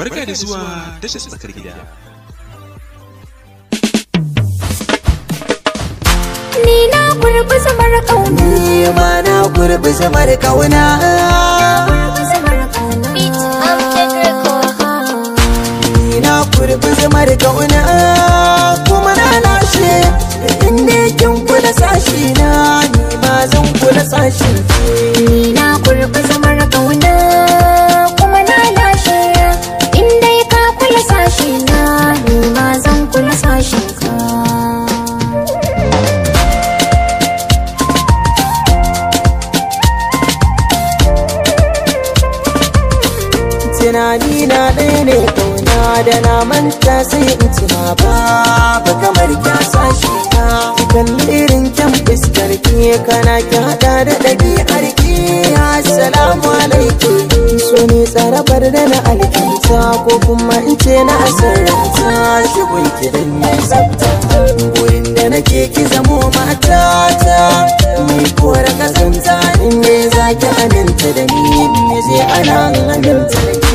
Barka da zuwa tashar tsakar gida. Ni na gurbi zamar ƙauna. Ni ma na gurbi zamar ƙauna. Ni na gurbi samar ƙauna. Kuma na lashe inda kin kula sashi na ni ma zan kula sashin ki. tunani na ɗaya ne kauna da na manta sai in ci ma ba ba kamar kya shi ta kan irin kyan fiskar ki kana ki hada da ɗabi'ar ki assalamu alaikum so ne tsarabar da na alkinta ko kuma in ce na ta. shi gunki dan ya tsafta gurin da nake ki zamo matata mai kora kasanta in ne zaki aminta da ni in zai ana aminta da